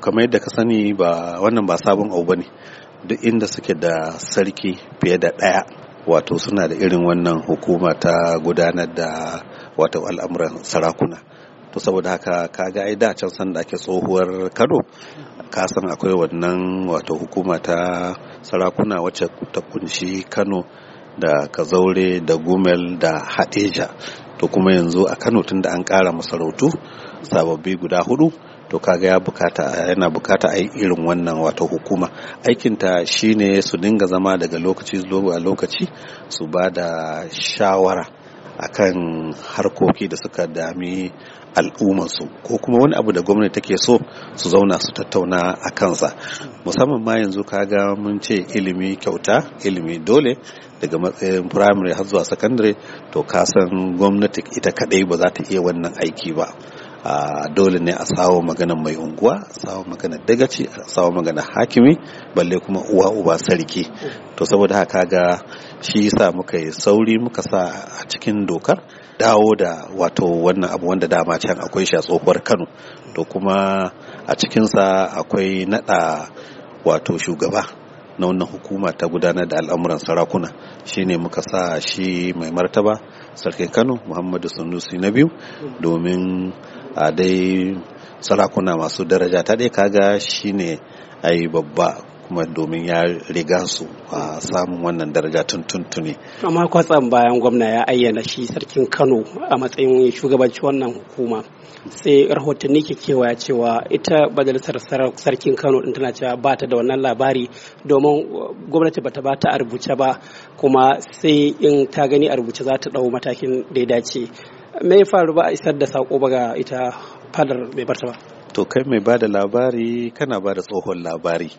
kamar yadda ka sani ba wannan ba sabon abu bane duk inda suke da sarki fiye da ɗaya wato suna da irin wannan hukuma ta gudanar da wato al'amuran sarakuna to saboda haka ka ga ai da can san da ake tsohuwar kano ka san akwai wannan wato hukuma ta sarakuna wacce ta kunshi kano da kazaure da gumel da hadeja to kuma yanzu a kano tunda an kara masarautu sababbi guda hudu to kaga ya bukata yana bukata a irin wannan wato hukuma aikinta shine su dinga zama daga lokaci zuwa lokaci su ba da shawara akan harkoki da suka dami al'ummarsu ko kuma wani abu da gwamnati take so su zauna su tattauna a kansa musamman ma yanzu kaga mun ce ilimi kyauta ilimi dole daga matsayin firamare har zuwa sakandare to kasan gwamnati ita kadai ba za ta iya wannan aiki ba a dole ne a sawo magana mai unguwa a sawo magana dagaci a sawo magana hakimi balle kuma uwa uba sarki to saboda haka ga shi yasa muka yi sauri muka sa a cikin dokar dawo da wato wannan abu wanda dama can akwai shi a tsohuwar kano to kuma a cikinsa akwai nada wato shugaba na wannan hukuma ta gudanar da al'amuran sarakuna shine muka sa shi mai martaba sarkin kano muhammadu sanusi na biyu domin a dai sarakuna masu daraja ta dai kaga shine ayi babba kuma domin ya riga su a samun wannan daraja tun tuntuni. amma kwatsam bayan gwamna ya ayyana shi sarkin kano a matsayin shugabanci wannan hukuma sai rahotanni ke kewaya cewa ita majalisar sarkin kano din tana cewa ba ta da wannan labari domin gwamnati bata ba ta a rubuce ba kuma sai in ta gani a rubuce za ta dau matakin da ya dace me ya faru ba a isar da sako ba ga ita fadar mai barta ba? to kai mai bada labari kana ba da tsohon labari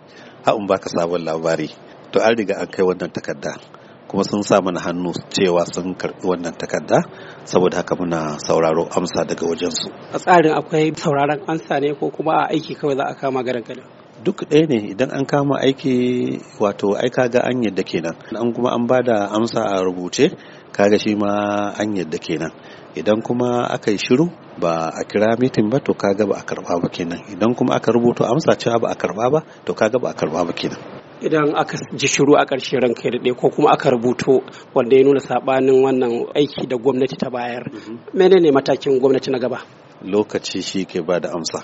ha'un baka sabon labari to an riga an kai wannan takarda kuma sun sa mana hannu cewa sun karbi wannan takarda saboda haka muna sauraro amsa daga wajensu a tsarin akwai sauraron amsa ne ko kuma a aiki kawai za a kama garin duk ɗaya ne idan an kama aiki wato aika ga an yadda kenan an kuma an ba da amsa a rubuce kaga shi ma an yadda kenan idan kuma aka yi shiru ba a kira mitin ba to kaga ba a karba ba kenan idan kuma aka rubuto amsa cewa ba a karba ba to kaga ba a karba ba kenan idan aka ji shiru a ƙarshe ran kai daɗe ko kuma aka rubuto wanda ya nuna saɓanin wannan aiki da gwamnati ta bayar mhm. menene matakin gwamnati na gaba lokaci shi ke ba da amsa